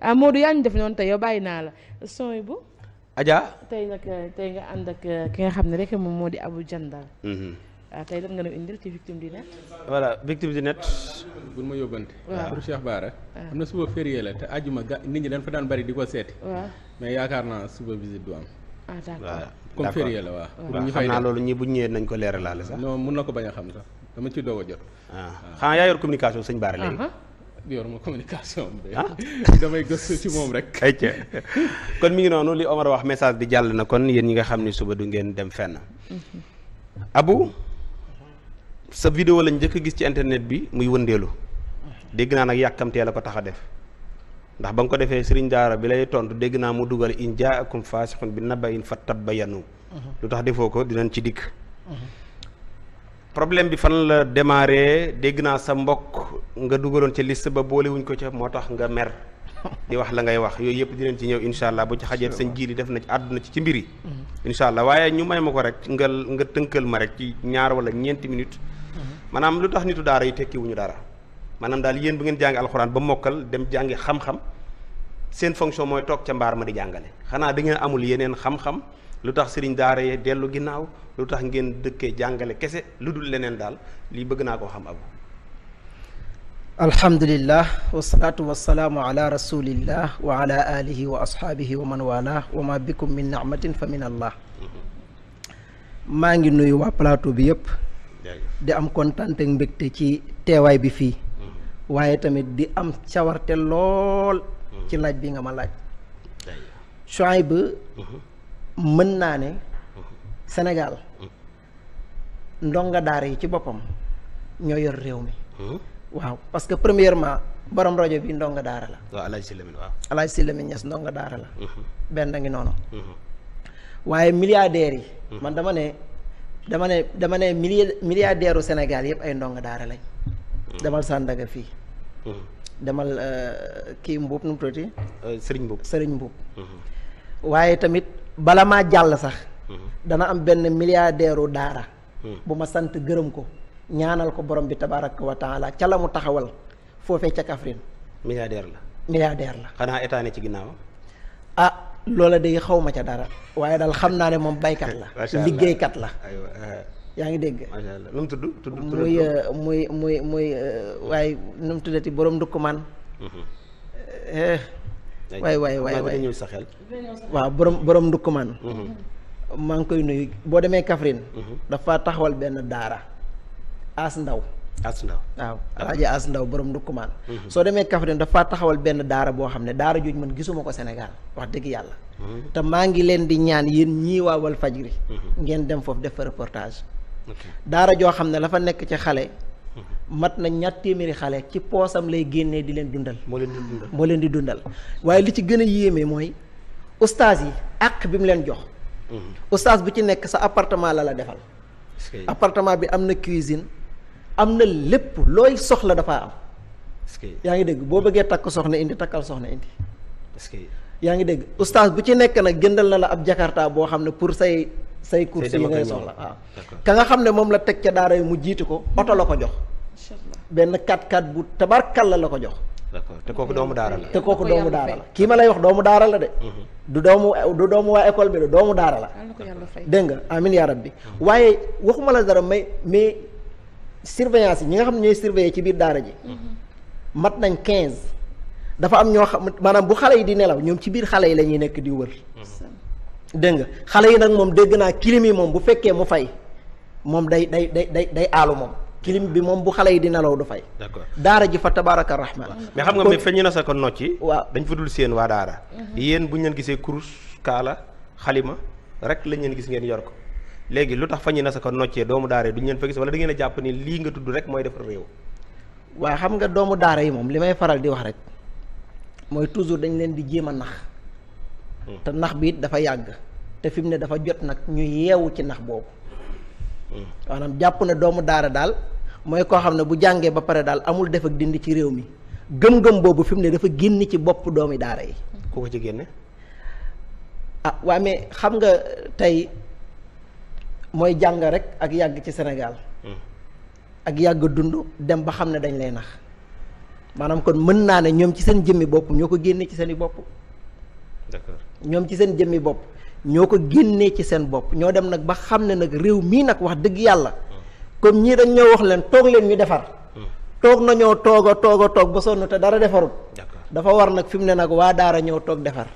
ah Modou yaa ñu def noonu tey yow bàyyi naa la son yi bu. Adja tey nag eh, tey nga ànd ak eh, ki nga xam ne rek moom moo di Abou Jandal. Mhm. Ah, tey lan nga doon indil ci victime du net. voilà victime du net. bu ma yóbbante. waaw pour Cheikh Bara. Ah. am na suba férié la te àjjuma ga nit ñi dañ fa daan bari di ko seeti. waa mais yaakaar naa suba visite du am. ah d' accord comme férié la waaw. pour xam naa loolu ñi bu ñëwee nañ ko leeralaale sax. non mun na ko bañ a xam sax dama ci doog a jot. waaw ah. xanaa yaa yor yor ma communication bi ah. damay gëstu ci moom rek. kon mi ngi noonu li Omar wax message bi jàll na kon yéen ñi nga xam ni suba du ngeen dem fenn. Mhm. Abu sa vidéo lañ njëkk gis ci internet bi muy wëndeelu dégg naa nag yàkkamtee la ko tax a def. ndax ba nga ko defee sëriñ daara bi lay tontu dégg naa mu dugal in jaakum faasixun bi nabain fa tabayanu mhm. lu tax defoo ko dinañ ci dikk mhm. problème bi fan la démarré dégg naa sa mbokk nga dugaloon ca list ba boolewuñ ko ca moo tax nga mer di wax la ngay wax yooyu yëpp dinañ ci ñëw incha allah bu ci xajee sañ ji li def na ci àdduna ci ci mbir yi. Mm-hmm. allah waaye ñu may ma ko rek nga nga tënkal ma rek ci ñaar wala ñeenti minutes. Mm-hmm. maanaam lu tax nitu daara yi tekkiwuñu dara maanaam daal yéen bu ngeen jàngi alxuraan ba mokkal dem jàngi xam-xam seen fonction mooy toog ca mbaar ma di jàngale xanaa da ngeen amul yeneen xam lu tax siriñ daara yee dellu ginnaaw lu tax ngeen dëkkee jàngale kese lu dul leneen daal lii bëgg naa koo xam abu alhamdulillah wasalaatu wasalaamu ala rasulillah wa ala alihi wa ashaabihi wa man wala wa ma bikum min nicmatin fa min allah maa ngi nuyu waa plateau bi yëpp di am kontaan ak mbégte ci teewaay bi fii mm-hmm. waaye tamit di am cawarte lool ci mm-hmm. laaj bi nga ma laaj Shuayb mm-hmm. mën naa ne Sénégal ndongo daara yi ci boppam ñoo yor réew mi. Hmm? waaw parce que premièrement borom rajo bi ndongo daara la. waaw El Hadj Sylla Mine waaw. El Hadj Sylla Mine daara la. Hmm. benn ngi noonu. Hmm. waaye milliardaires yi. man dama ne dama ne dama ne milliardaire u Sénégal yëpp ay ndonga daara lañ. demal Sandaga fii. demal euh, kii Mbuub nu mu tuddati. Euh, Serigne Mbuub waaye tamit. bala ma jàll sax mhm. dana am benn milliardaire daara mhm. bu ma sant gërëm ko ñaanal ko borom bi tabaraka wa taala ca la mu taxawal foofee ca Kaffrine milliardaire la milliardaire la xanaa état ci ginnaaw ah loola day xaw ma ca dara waaye daal xam naa ne moom baykat la liggéeykat la eh. yaa ngi dégg lu tudd tudd muy eh, muy muy muy eh, waaye nu mu tuddati borom man waay waay waay waay ñëw sa xel waaw borom mhm. maa ngi koy nuyu boo demee Kaffrine mhm. dafa taxawal benn daara as ndaw as ndaw waaw ah. alaaji as ndaw borom ndukkumaan mhm. soo demee Kaffrine dafa taxawal benn daara boo xam ne daara jooju man gisuma ko Sénégal wax dëgg yàlla te maa ngi leen di ñaan yéen ñii waa Walfadjri ngeen dem foofu def fa reportage daara joo xam ne la fa nekk ci xale mat na ñaar téeméeri xale ci poosam lay génnee di leen dundal. moo leen di dundal moo leen di dundal waaye li ci gën a yéeme mooy ustaas yi àq bi mu leen jox. Mm-hmm. ustaas bu ci nekk sa appartement la la defal. appartement bi am na cuisine am na lépp looy soxla dafaa am. yaa ngi dégg boo bëggee takk soxna indi takkal soxna indi. yaa ngi dégg ustaas bu ci nekk nag jëndal na la ab jakarta boo xam ne pour say say course yi ngay soxla waaw ka nga xam ne moom la teg ca daara yi mu jiitu ko oto la ko jox. benn 4-4 bu tabarkalla la la ko jox. d'accord te kooku doomu daara la. te kooku doomu daara la kii ma lay wax doomu daara la de. Mhm. du doomu du doomu waa école bi de doomu daara la. dégg nga amin yaa rabbi. waaye waxuma la dara may mais surveillance yi ñi nga xam ne ñooy surveiller ci biir daara ji. Mhm. mat nañ 15. dafa am ñoo xam maanaam bu xale yi di nelaw ñoom ci biir xale yi la ñuy nekk di wër. dégg nga xale yi nag moom dégg naa kilim yi moom bu fekkee mu fay moom day day day day day aalu moom. clim bi moom bu xale yi di nelaw du fay. d'accord daara ji fa tabaaraka rahmaan. mais xam nga mais feñ ñu na sa ko nocci. waaw dañ fa dul seen waa daara. Mhm. yéen bu ñu leen gisee kurus kaala xalima rek lañ leen gis ngeen yor ko léegi lu tax fa ñu na sa ko noccee doomu daara yi duñ leen fa gis wala da ngeen a jàpp ni lii nga tudd rek mooy def réew. waaye xam nga doomu daara yi moom li may faral di wax rek mooy toujours dañ leen di jéem a nax. Hmm. te nax biit dafa yàgg te fi mu ne dafa jot nag ñu yeewu ci nax boobu. Hmm. maanaam jàpp doomu daara daal. mooy koo xam ne bu jàngee ba pare daal amul def ak dindi ci réew mi gëm-gëm boobu fi mu ne dafa génn ci bopp doomi daara yi. ku ko ci génne. ah waa mais xam nga tey mooy jàng rek ak yàgg ci Sénégal. Hmm. ak yàgg dund dem ba xam ne dañ lay nax maanaam kon mën naa ne ñoom ci seen jëmmi bopp ñoo ko génne ci seen i bopp. ñoom ci seen jëmmi bopp ñoo ko génnee ci seen bopp ñoo dem nag ba xam ne nag réew mii nag wax dëgg yàlla. comme ñii dañ ñoo wax leen toog leen ñu defar toog nañoo toog a toog a toog ba sonn te dara defarut dafa war nag fi mu ne nag waa daara ñëw toog defar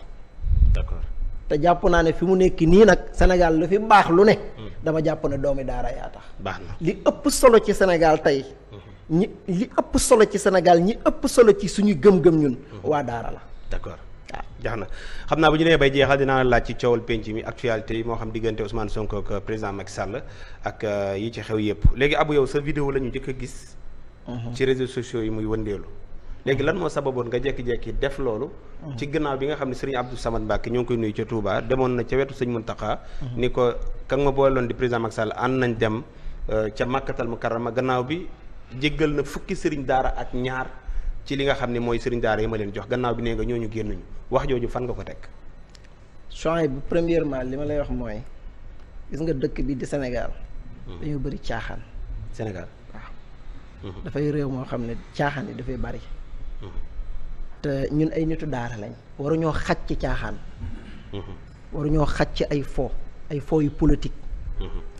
te jàpp naa ne fi mu nekk nii nag Sénégal lu fi baax lu ne hmm. dama jàpp ne doomi daara yaa tax baax na li ëpp solo ci Sénégal tey hmm. ñi li ëpp solo ci Sénégal ñi ëpp solo ci suñu gëm-gëm ñun hmm. waa daara la d'accord jax na xam naa bu ñu nee bay jeexal dinaa laaj ci coowal penc mi actualité yi moo xam diggante Ousmane Sonko ak euh, président Macky Sall ak euh, yi ci xew yëpp léegi abu yow sa vidéo la ñu a gis. Mhm. ci réseaux sociaux yi muy wëndeelu. léegi lan moo sababoon nga jékki-jékki def loolu. Mhm. ci gannaaw bi nga xam ne sëriñ Abdou Samad Mbacké ñoo ngi koy nuyu ca Touba demoon na ca wetu sëñ Mountakha. Mhm. ni ko ka nga ma booleloon di président Macky Sall ànd nañ dem euh, ca Makkatal Mukarrama gannaaw bi jéggal na fukki sëriñ ci li nga xam ne mooy sëriñ daara yi ma leen jox gannaaw bi nee nga ñooñu génnuñu wax jooju fan nga ko teg. change bu premièrement li ma lay wax mooy gis nga dëkk bi di Sénégal. Hmm. dañoo bëri caaxaan. Sénégal waaw. Hmm. dafay réew moo xam ne caaxaan yi dafay bari. Hmm. te ñun ay nitu daara lañ. waruñoo xaj ci caaxaan. waruñoo xaj ci ay fo ay fo yu politique.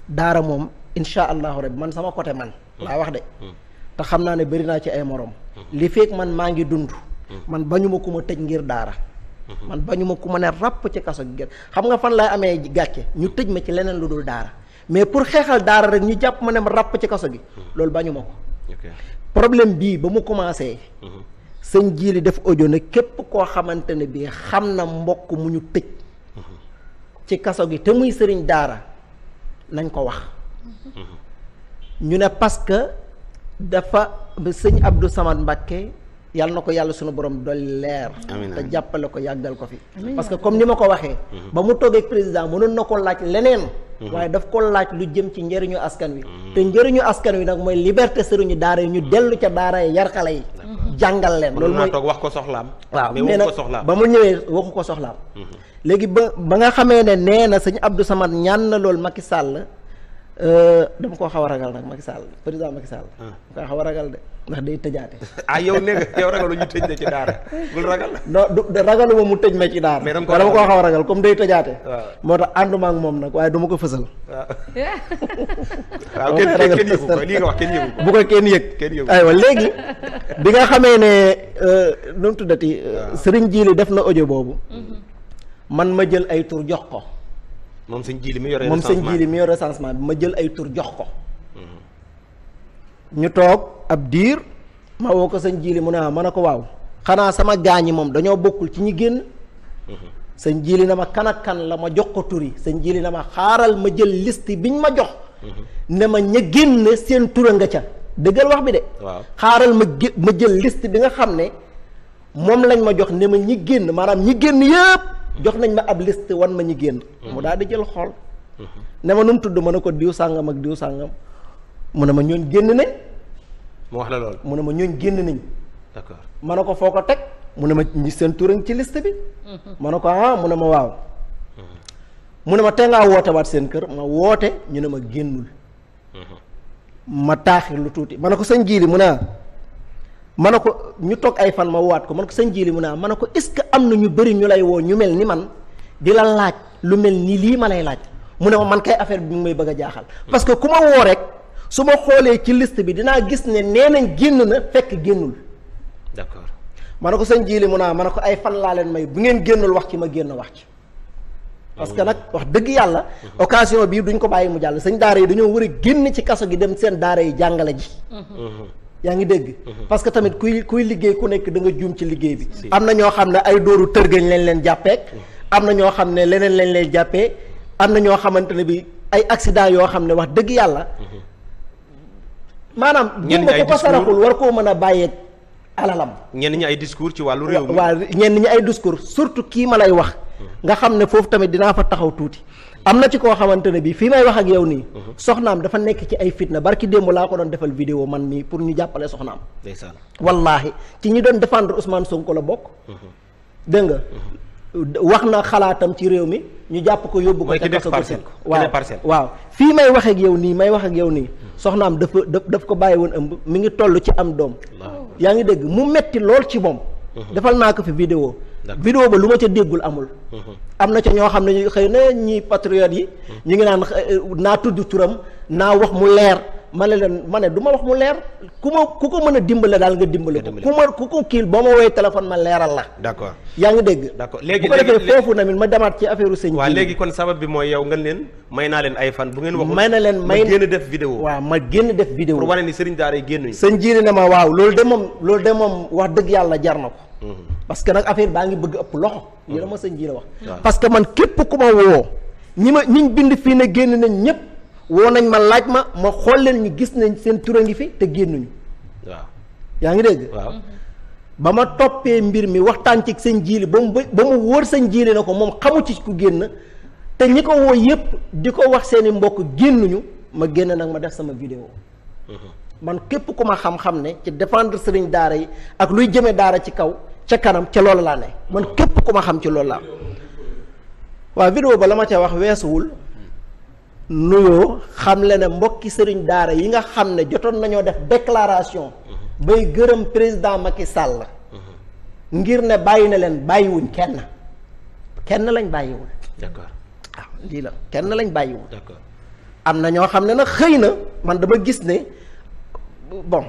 daara moom incha allahu rabi man sama côté man. laa wax de. te xam naa ne bari naa ci ay morom. li feek man maa ngi dund man bañu ma ku ma tëj ngir daara man bañu ma ku ma ne ràpp ci kaso gi xam nga fan laay amee gàcce ñu tëj ma ci leneen lu dul daara mais pour xeexal daara rek ñu jàpp ma ne ràpp ci kaso gi loolu bañu ma ko problème bii ba mu commencé mhm. sëñ jiili def ojo ne képp koo xamante ne bii xam na mbokk mu ñu tëj mhm. ci kaso gi te muy sëriñ daara nañ ko wax mhm. ñu ne parce dafa sëñ Abdou Samad Mbacké yàlla na ko yàlla sunu borom dolli leer. te jàppale ko yàggal ko fi. parce que comme ni ma ko waxee. Mhm. ba mu toogee président mënoon na ko laaj leneen. Mhm. waaye daf ko laaj lu jëm ci njëriñu askan wi. Mhm. te njëriñu askan wi nag mooy liberté sëriñu daara yi ñu dellu ca daara yi yar xale yi. jàngal leen loolu mooy wax ko soxlaam. waaw mais ba mu ñëwee waxu ko soxlaam. léegi ba ba nga xamee ne nee na sëñ Abdou Samad ñaan na loolu Macky Sall. Euh, dama koo xaw ragal nag ma Macky Sall président Macky saal ah. dama koo xaw ragal de ndax day tëjaate. ah yow nee nga yow ragalu ragal. ma mu tëj ma ci daara. mais dama koo dama koo xaw a ragal comme day tëjaate. Ah. moo tax ànduma moom nag waaye ah. dama ko fësal. waaw wax bu ko kenn yëg kenn yëgu aywa léegi bi nga xamee ne euh, nu mu tuddati. waaw Serigne def na audio boobu. Mhm. man ma jël ay tur jox ko. moom sëñ jiili mu yor moom sëñ jiili mi yor recensement bi ma jël ay tur jox ko. ñu toog ab diir ma woo ko sëñ jiili mu ne ah ma ne ko waaw xanaa sama gaañi moom dañoo bokkul ci ñi génn. sëñ jiili na ma kan la ma jox ko tur sa sëñ jiili na ma xaaral ma jël liste biñ ma jox. ne ma ña génn seen tura nga ca dëggal wax bi de. xaaral ma ma jël liste bi nga xam ne moom lañ ma jox ne ma ñi génn maanaam ñi génn jox nañ ma ab liste wan ma ñi génn. Mhm. mu daal di jël xool. ne ma nu tudd ma ne ko diw sàngam ak diw sàngam mu ne ma ñooñ génn nañ. mu wax la loolu mu ne ma ñooñ génn nañ. d'accord ma ne ko foo ko teg mu ne ma ñi seen turam ci liste bi. Mhm. ma ne ko ah mu ne ma waaw. Mhm. mu ne ma tey ngaa woote waat seen kër ma woote ñu ne ma génnul. ma taaxir lu tuuti ma ne ko sëñ jiili mu ne ah. man ne ko ñu toog ay fan ma waat ko man ko sëñ Jili mu naa ah, man a ko est-ce que am na ñu bëri ñu lay woo ñu mel ni man di la laaj lu mel ni lii ma lay laaj mu ne ma man kay affaire bi mu may bëgg a jaaxal. parce que ku ma woo rek su ma xoolee ci liste bi dinaa gis ne nee nañ génn na fekk génnul. d'accord ma ne ko sëñ Jili mu naa man ne ah, ko ay fan laa leen may bu ngeen génnul wax ci ma génn wax ci. parce que nag wax dëgg yàlla. occasion bii duñ ko bàyyi mu jàll sañ daara yi dañoo war génn ci kaso gi dem seen daara yi jàngale ji. Mhm. Mhm. yaa ngi dégg. Mhm. parce que tamit kuy kuy liggéey ku nekk da nga juum ci liggéey bi. am na ñoo xam ne ay dóoru tërgëñ lañ leen jàppeek mhm. am na ñoo xam ne leneen lañ leen jàppee am na ñoo xamante ne bi ay accident yoo xam ne wax dëgg yàlla. Mhm. maanaam gumba ku ko saraxul war koo mën a bàyyeeg alalam. ñenn ñi ay discours ci wàllu réew mi. waaw ñenn ñi ay discours surtout kii ma lay wax. nga xam ne foofu tamit dinaa fa taxaw tuuti. am na ci koo xamante ne bi fii may wax ak yow nii mhm. soxnaam dafa nekk ci ay fitna barki démb laa ko doon defal vidéo man mi pour ñu jàppale soxnaam ndeysaan wallaahi ci ñi doon défendre Ousmane Sonko la bokk mhm. dégg nga mhm. wax na xalaatam ci réew mi ñu jàpp ko yóbbu ko ca kaso parcelle waaw waaw fii may wax ak yow nii may wax ak yow nii soxnaam dafa daf ko bàyyi woon ëmb mi ngi toll ci am doom yaa ngi dégg mu metti lool ci moom defal naa ko fi vidéo vidéo ba lu ma ca déggul amul mhm. am na ca ñoo xam ne xëy na ñi patriotes yi mhm. ñu ngi naan euh, naa tudd turam naa wax mu leer ma ne leen ma ne du ma wax mu leer ku ma ku ko mën a dimbale daal nga dimbale ko ku ma ku ko kiil boo ma woowee téléphone ma leeral la d'accord yaa ngi dégg d'accord léegi bu ko defee foofu tamit ma demaat ci affaire u sëñ waaw mooy yow nga leen may naa leen ay fan bu ngeen leen ma génn def vidéo pour wane ni sëriñ daara yi génnuñu sëñ jiiri waaw loolu de moom loolu de moom wax dëgg yàlla jar na ko mhm. parce que nag affaire baa ngi bëgg ëpp loxo ñu la mhm. ma sëñ jiiri wax parce man képp ku ma woo ñi ma ñiñ bind fii ne génn nañ ñëpp woo nañ ma laaj ma ma xool leen ñu gis nañ seen tur a ngi fi te génnuñu. waaw yaa ngi dégg. waaw ba ma toppee mbir mi waxtaan ci seen jiili ba mu ba mu wóor seen jiili na ko moom xamu ci ku génn te ñi ko woo yépp di ko wax seeni mbokk génnuñu ma génn nag ma def sama vidéo. Mhm. man képp ku ma xam-xam ne ci défendre sëriñ daara yi ak luy jëme daara ci kaw ca kanam ca loolu laa ne man képp ku ma xam ci loolu laa waaw vidéo ba la ma ca wax weesuwul nuyoo xamle ne mbokki sëriñ daara yi nga xam ne jotoon nañoo def déclaration bay gërëm président Macky Sall ngir ne bàyyi na leen bàyyiwuñ kenn kenn lañ bàyyiwul d'accord lii la kenn lañ bàyyiwul d'accord am na ñoo xam ne nag xëy na man dama gis ne bon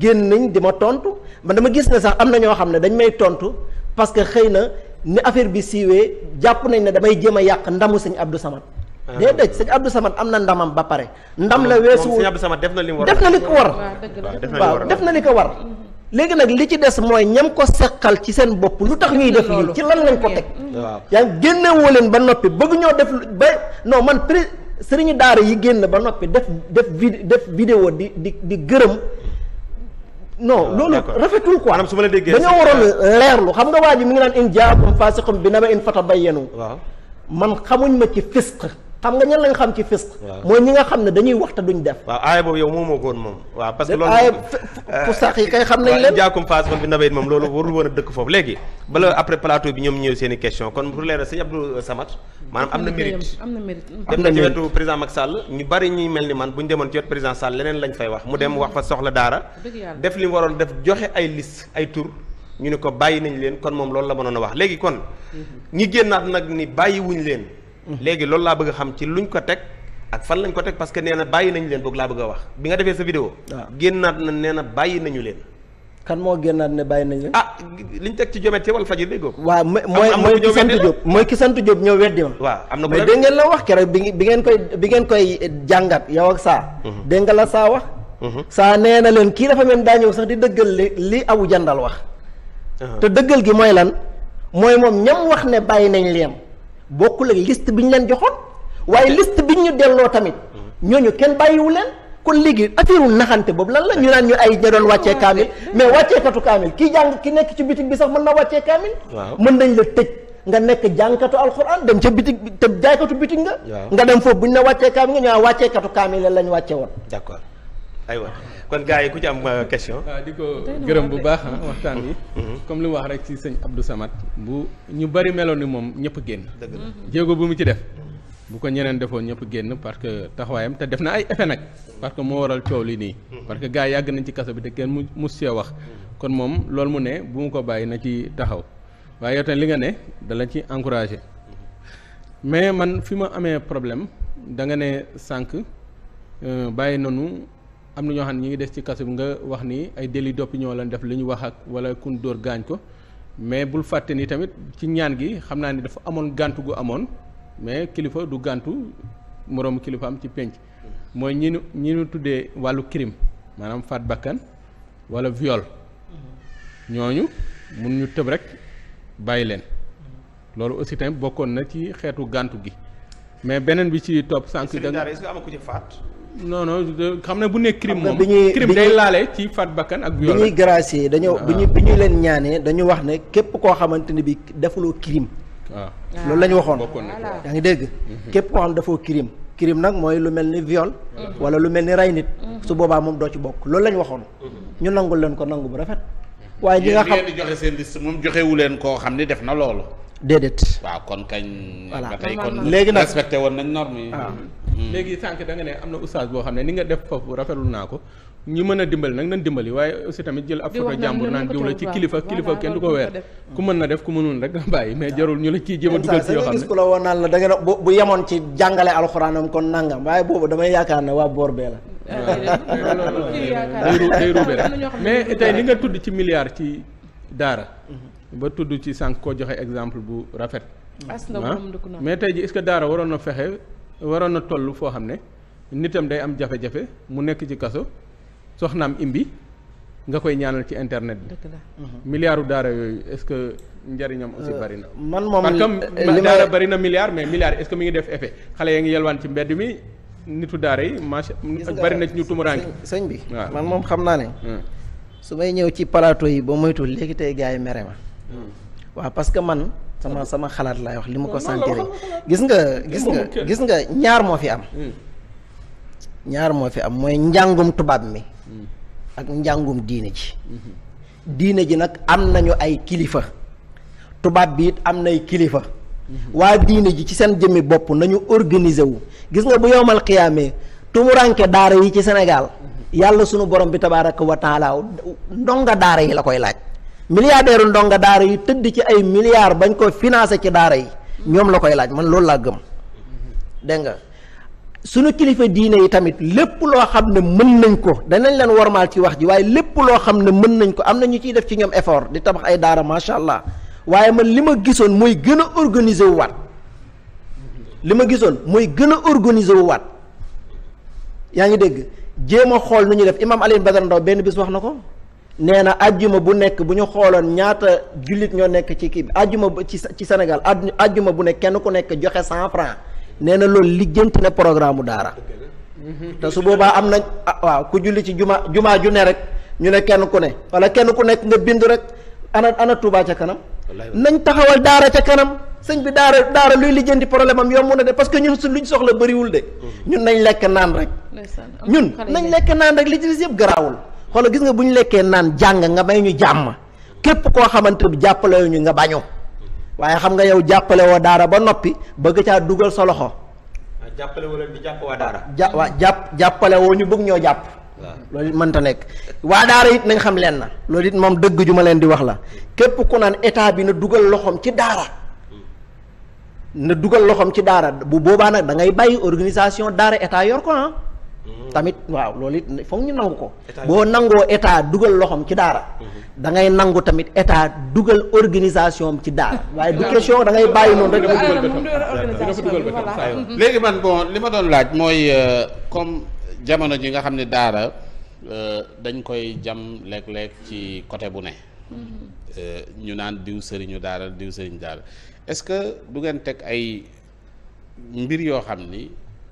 génn nañ di ma tontu man dama gis ne sax am na ñoo xam ne dañ may tontu parce que xëy na ni affaire bi siiwee jàpp nañ ne damay jëm a yàq ndamu sëñ Abdou Samad Ah, déedéet sëñ Abdou saman am na ndamam ba pare ndam la ah, weesu sëñ Abdou Samad def na li mu def na li ko war waaw def na li ko war mhm. léegi nag li ci des mooy ñam ko seqal ci seen bopp lu tax ñuy def lii ci lan lañ ko teg mhm. yaa ngi génnewoo leen ba noppi bëgg ñoo def ba non man pré sëriñu daara yi génn ba noppi def def vid def vidéo di di di gërëm non ah, loolu rafetul quoi maanaam su ma la déggee dañoo waroon leerlu xam nga waa ji mi ngi naan in jaakum faasiqum bi naba in fatabayyanu man xamuñ ma ci fisq xam nga ñan nañ xam ci fisq mooy ñi nga xam ne dañuy waxta duñ def waaw aaya boobu yow moomoo ko woon moom waaw parce que loolu aaya fu sax yi kay xam nañ leen jaakum faas man bi nawet moom loolu warul woon a dëkk foofu léegi bala après plateau bi ñoom ñëw seen i question kon pour leeral sëñ Abdou Samad maanaam am na mérite am na dem na ci président Macky Sall ñu bari ñuy mel ni man bu ñu demoon ci wetu président Sall leneen lañ fay wax mu dem hmm. wax fa soxla def li waroon def joxe ay liste ay ñu ne ko bàyyi nañ leen kon moom loolu la mënoon a wax léegi kon hmm. ñi génnaat nag ni bàyyiwuñ leen léegi loolu laa bëgg a xam ci luñ ko teg ak fan lañ ko teg parce que nee na bàyyi nañu leen boog laa bëgg wax bi nga defee sa vidéo ah. génnaat na nee na bàyyi nañu leen kan moo génnaat ne bàyyi nañu leen ah liñ teg ci jomet ci wala fajir déggoo waaw mooy mooy ki sant Jóob mooy ki sant Jóob ñëw weddi ma waaw am na ko mais dégg ngeen la wax keroog bi ngeen koy bi ngeen koy jàngat yow ak saa mhm. dégg nga la saa wax mhm. saa nee na leen kii dafa mel daa ñëw sax di dëggal li li abu jandal wax uh-huh. te dëggal gi mooy lan mooy moom ñam wax ne bàyyi nañ leen bokkul ak liste bi ñu leen joxoon waaye list bi ñu delloo tamit ñooñu kenn bàyyiwu leen kon léegi affaire wu naxante boobu lan la ñu naan ñu ay ña doon wàccee kaamil mais wàcceekatu kaamil kii jàng ki nekk ci bitig bi sax mën na wàccee kaamil mën nañ la tëj nga nekk jàngkatu alxuraan dem ca bitig te jaaykatu bitig nga nga dem foofu bu ñu ne wàccee kaamil nga ñu naan wàcceekatu kaamil la lañ wàcce woon d'accord aywa kon gars yi ku ci am euh, question. waaw euh, di ko gërëm bu baax ah, waxtaan bi. Mm-hmm. Mm-hmm. comme li mu wax rek ci sëñ Abdou Samad bu ñu bari meloon ni moom ñëpp génn. dëgg la mm-hmm. jéego bu mu ci def. bu ko ñeneen defoon ñëpp génn parce que taxawaayam te def na ay effet nag parce que moo waral coow li nii. parce que gars yi yàgg nañ ci kaso bi te kenn mu mus see wax. kon moom loolu mu ne bu mu ko bàyyi na ci taxaw waaye yow li nga ne dala ci encouragé mais man fi ma amee problème da nga ne sànq euh, bàyyi noonu am na ñoo xam ne ñu ngi des ci kaso bi nga wax ni ay délit d'opinion lañ def li ñu wax ak wala kun dóor gaañ ko mais bul fàtte ni tamit ci ñaan gi xam naa ni dafa amoon gàntu gu amoon mais kilifa du gàntu moroomu kilifa am ci pénc mooy ñi nu ñi tuddee wàllu kirim maanaam faat bakkan wala viol ñooñu mun ñu tëb rek bàyyi leen loolu aussi tamit bokkoon na ci xeetu gàntu gi mais beneen bi ci topp sànq. da nga est-ce que am ku ci faat. non xam na bu nekk crime moom crime ñuy laale ci faat bakkan ak viol bi ñuy gracier dañoo bi ñu ah. bi ñu leen ñaanee dañu wax ne képp koo xamante ne bi defuloo crime ah. loolu la ñu waxoon yaa ngi dégg mhm. képp koo xam dafoo crime crime nag mooy lu mel ni viol mhm. wala lu mel ni rey nit mhm. su boobaa moom doo ci bokk loolu la waxoon ñu nangul leen ko nangu bu rafet waaye ñi nga xam joxe seen moom joxewu leen koo xam ni def na loolu déedéet. waaw kon kañ. voilà ba tey léegi nag respecté woon nañ norme yi. Ah. Hmm. Hmm. léegi sànq da nga ne am na oustaz boo xam ne ni nga def foofu rafetlu naa ko ñu mën a dimbali nag nañ dimbali waaye aussi tamit jël ab photo jàmbur naan diw la ci kilifa kilifa kenn du ko weer ku mën na def ku mënul rek bàyyi mais jarul ñu la ciy jéem a dugal ci yoo xam ne gis ku bu bu yemoon ci jàngale alxuraanam kon nangam waaye boobu damay yaakaar ne waa boor bee la day ruube la mais tey li nga tudd ci milliard ci daara mm-hmm. ba tudd ci sànq koo joxe exemple bu rafet. Ah. mais tey ji est-ce que daara waroon na fexe waroon na toll foo xam ne nitam day am jafe-jafe mu nekk ci kaso soxnaam imbi nga koy ñaanal ci internet bi. Mhm. milliardu daara yooyu est-ce que njariñam aussi euh, bari na. man moom parce que daara bari na milliard mais milliard est-ce que mi ngi def effet xale yaa ngi yelwaan ci mbedd mi nitu daara yi macha bari na ci ñu tumuraange sëñ bi man moom xam naa ne. Hmm. su may ñëw ci plateau yi ba moytu léegi tey gars yi mere ma. waaw parce que man sama sama xalaat laay wax li ma ko sentir gis nga gis nga gis nga ñaar moo fi am hmm. ñaar moo fi am mooy njàngum tubaab mi hmm. ak njàngum diine ji hmm. diine ji nag am nañu ay kilifa tubaab bi it am nay kilifa waa diine ji ci seen jëmmi bopp nañu organiser wu gis nga bu yowmal xiyaamee tumuranke daara yi ci Sénégal yàlla sunu borom bi tabaaraka wa taala ndonga daara yi la koy laaj milliardaire ndonga daara yu tëdd ci ay milliards bañ koo financé ci daara yi ñoom la koy laaj man loolu laa gëm dégg nga suñu kilifa diine yi tamit lépp loo xam ne mën nañ ko danañ leen wormaal ci wax ji waaye lépp loo xam ne mën nañ ko am na ñu ciy def ci ñoom effort di tabax ay daara macha allah waaye man li ma gisoon mooy gën a organiser wu waat li ma gisoon mooy gën a organiser wu waat yaa ngi dégg jéem a xool nu ñuy def imam Alioune Badara Ndao benn bis wax na ko nee na ajjuma bu nekk bu ñu xooloon ñaata jullit ñoo nekk ci kii bi ajjuma ci ci Sénégal ajjuma bu ne kenn ku nekk joxe cent franc nee na loolu lijjanti na programme daara te su boobaa am nañ ah, waaw ku julli ci juma jumaa ju ne rek ñu ne kenn ku ne wala kenn ku nekk nga bind rek ana ana Touba ca kanam nañ taxawal daara ca kanam sëñ bi daara daara luy lijjanti problème am yomb na de parce que ñun su ñu soxla bëriwul de mm-hmm. ñun nañ lekk naan rek ñun nañ lekk rek li ci des yëpp garaawul xoolal gis nga bu ñu lekkee naan jàng nga may ñu jàmm képp koo xamante bi jàppale ñu nga bañu waaye xam nga yow jàppale woo daara ba noppi bëgg caa dugal sa loxo. Ah, jàppale woo leen di jàpp waa daara. ja jàpp jàppale woo ñu bëgg ñoo jàpp. loolu it mënta nekk waa daara it nañ xam leen na loolu it moom dëgg ju ma leen di wax la képp ku naan état bi na dugal loxoom ci daara. na dugal loxoom ci daara bu boobaa nag da ngay bàyyi organisation daara état yor ko ah. Mm-hmm. tamit waaw loolu it foog ñu nangu ko boo nangoo état dugal loxoom ci daara mm-hmm. da ngay nangu tamit état dugal organisation ci daara mm-hmm. waaye du question da ngay bàyyi noonu rek léegi man bon li ma doon laaj mooy euh, comme jamono ji nga xam ne daara euh, dañ koy jam léeg-léeg ci côté bu ne euh, ñu naan diw sëriñu daara diw sëriñu daara est-ce que du teg ay mbir yoo xam ni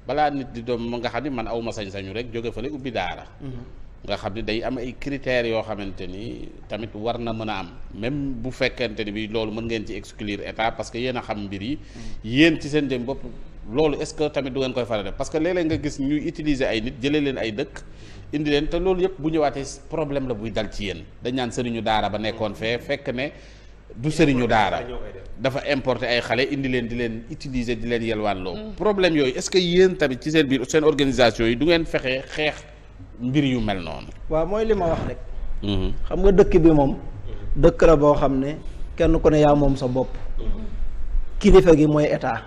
balaa nit di doom nga xam ni man awma sañ-sañu rek jóge fale ubbi daara mm-hmm. nga xam ni day am ay critères yoo xamante ni tamit war na mën a am même bu fekkente ni bi loolu mën ngeen ci exclure état parce que yéen a xam mbir yi mm-hmm. yéen ci seen jëm bopp loolu est-ce que tamit du ngeen koy faral def parce que léeg nga gis ñuy utiliser ay nit jëlee leen ay dëkk mm-hmm. indi leen te loolu yëpp bu ñëwaatee problème la buy dal ci yéen dañ naan ñu daara ba nekkoon fee fekk ne du sëriñu daara dafa importer ay xale indi leen di leen utiliser di leen yelwaan loo mm. problème yooyu est-ce que yéen tamit ci seen biir seen organisation yi du ngeen fexe xeex mbir yu mel noonu waaw mooy li ma wax rek mm-hmm. xam nga dëkk bi moom mm-hmm. dëkk la boo xam ne kenn ku ne yaa moom sa bopp mm-hmm. kilifa gi mooy état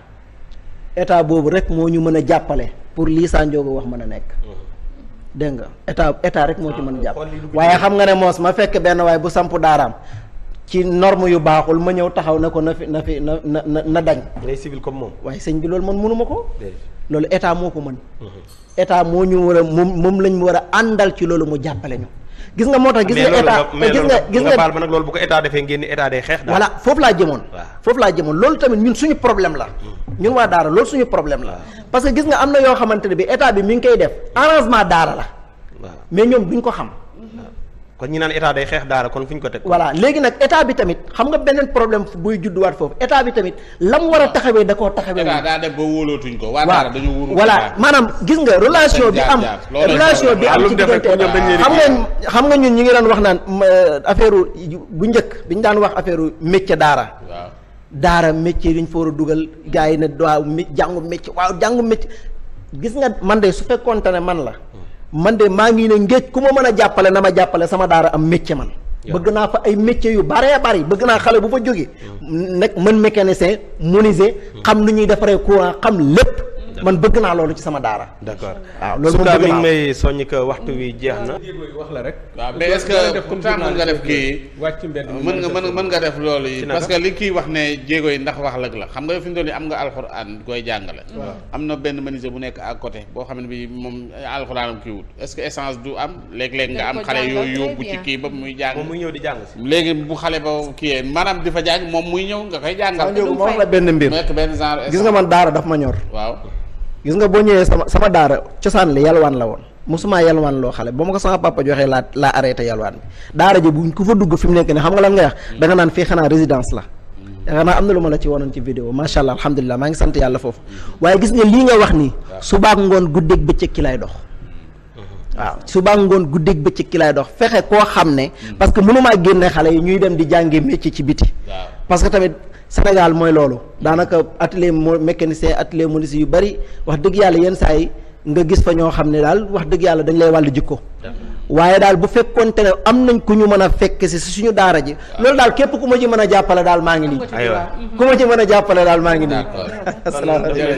état boobu rek moo ñu mën a jàppale pour lii Sanjogo wax mën a nekk dégg nga état rek moo ci mën a jàpp waaye xam nga ne moos ma fekk benn waaye bu samp daaraam ci norme yu baaxul ma ñëw taxaw na ko na fi na fi na na na dañ. ngay civil moom. waaye sëñ bi loolu man mënuma ko. loolu état moo ko mën. Mhm. état moo ñu war a moom moom lañ war a àndal ci loolu mu jàppale ñu. gis nga moo tax gis nga état gis nga ma nag loolu bu ko état defee ngeen ni état day xeex. voilà foofu laa jëmoon. foofu laa jëmoon loolu tamit ñun suñu problème la. Mm. ñun waa Daara loolu suñu problème la. parce que gis nga am na yoo xamante ne bi état bi mi ngi koy def arrangement Daara la. mais ñoom duñ ko xam. kon ñi naan état day xeex daara kon fu ñu ko teg. voilà léegi nag état bi tamit xam nga beneen problème buy judduwaat foofu état bi tamit la mu war a taxawee da koo taxawee. état daa dem ba wóolootuñ ko. waa daara dañu wóolu voilà maanaam gis nga relation bi am relation bi am ci diggante xam nga xam nga ñun ñu ngi daan wax naan affaire bu njëkk bi ñu daan wax affaire métier daara. daara métier yi ñu fa a dugal gars yi ne waaw jàngu métier waaw jàngu métier gis nga man de su fekkoonte ne man la. Hmm. man de maa ngi ne ngéej ku ma mën a jàppale na ma jàppale sama daara am métier man bëgg naa fa ay métiers yu baree bari bëgg naa xale bu fa jógee mm. nekk mën mécanicien menuisier mm. xam nu ñuy defaree courant xam lépp man bëgg naa loolu ci sama daara. d'accord waaw loolu moom bëgg naa waxtu wi jeex na. wax la rek. waaw mais est que temps mën nga def nga mën mën nga def loolu yi. parce li kii wax ne jéego yi ndax wax lëg la xam nga fi mu toll am nga alxuraan koy jàngale. am na benn menuisier bu nekk à côté boo xam ne bi moom alxuraan am kii wut est-ce que essence am léeg-léeg nga am xale yooyu yóbbu ah. kii ba muy jàng muy ñëw di jàng si léegi bu xale ba kii maanaam di fa jàng moom muy ñëw nga koy jàngal ma wax la benn mbir gis nga man daara daf ma ñor waaw gis nga boo ñëwee sama sama daara cosaan li yalwaan la woon musuma yalwaan loo xale ba ma ko sama papa joxee laa laa arrêté yalwaan bi daara ji buñ ku fa dugg fi mu nekk ne xam nga lan ngay wax mm. da nga naan fii xanaa résidence la mm. yaakaar naa am na lu ma la ci wanoon ci vidéo macha allah alhamdulilah maa ngi sant yàlla foofu mm. waaye gis nga lii nga wax nii subaak ngoon guddeeg bëccëg ki lay dox waaw subaak ngoon guddeeg bëccëg ki lay dox fexe koo xam ne parce que mënumaa génne xale yi ñuy dem di jànge métier ci biti parce Sénégal mooy loolu daanaka atelier mo mécanicien atelier menuisier yu bari wax dëgg yàlla yenn saa yi nga gis fa ñoo xam ne daal wax dëgg yàlla dañu lay wàllu jikko waaye daal bu fekkoonte ne am nañ ku ñu mën a fekk si suñu daara ji loolu daal képp ku ma ci mën a jàppale daal maa ngi nii ku ma ci mën a jàppale daal maa ngi nii asalaamaaleykum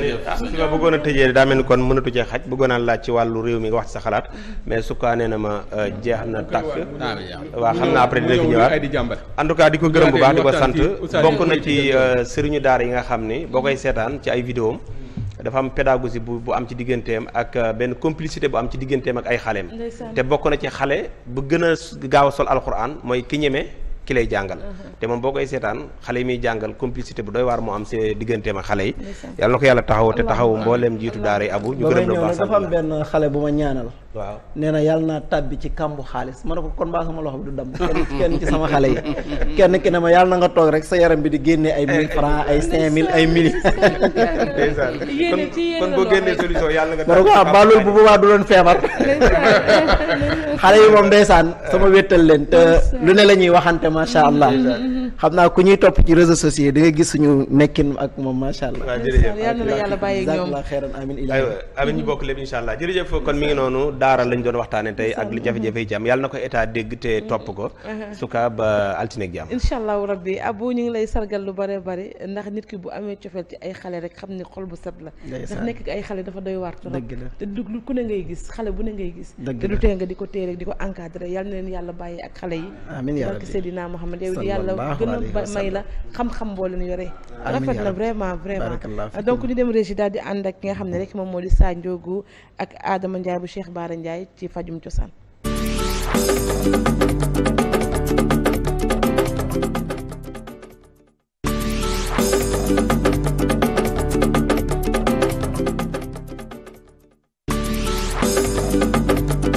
fi ah, ma bëggoon a tëjee daa mel ni kon mënatu cee xaj bëggoon laaj ci wàllu réew mi wax sa xalaat mais sukkaa anee na ma euh, jeex na tàkk waaw xam naa après dina fi ñëwaat en tout cas di ko gërëm bu baax di ko sant bokk na ci euh, sëriñu daara yi nga xam ni boo koy seetaan ci ay vidéo dafa am pédagogie bu bu am ci digganteem ak euh, benn complicité bu am ci digganteem ak ay xaleem te bokk na ci xale bu gën a gaaw a sol alxuraan mooy ki ñeme ki lay jàngal te moom boo koy seetaan xale yi muy jàngal complicité bu doy waar moo am see digganteem ak xale yi yàlla na ko yàlla taxaw te taxaw mbooleem jiitu daara yi abu ñu gërëm la baax dafa am benn xale bu ma ñaanal waaw nee na yàlla naa tàbbi ci kàmbu xaalis ma ne ko kon baa sama loxo bi du damm kenn ci sama xale yi kenn ki ne ma yàlla na nga toog wéttal leen te lu ne la waxante ma macha allah xam naa ku ñuy topp ci réseaux sociaux yi da nga gis suñu nekkin ak moom macha allah. waaw jërëjëf yal na yàlla bàyyi ñoom amin ñu bokk lépp incha allah jërëjëf kon mi ngi noonu daara lañ doon waxtaane tey ak jafe-jafe yi ci yàlla na ko état dégg te mm-hmm. topp ko uh-huh. altine ak jàmm incha allahu rabbi abu ñu ngi lay sargal lu bare bari ndax nit ki bu amee cofeel ci ay xale rek xam ni xol bu set la ndax nekk ay xale dafa doy waar trop te duglu ku ne ngay gis xale bu ne ngay gis te lu tee di ko téye rek di ko encadré yàlla na yàlla bàyyi ak xale yi barke Seydina Muhammad yow di yàlla gën a may la xam-xam boo leen yore rafet na vraiment vraiment donc ñu dem régie daal di ànd ak ki nga xam ne rek moom moo di Sa Ndiogou ak aadama Ndiaye bu Cheikh Bara Ndiaye ci fajum cosaan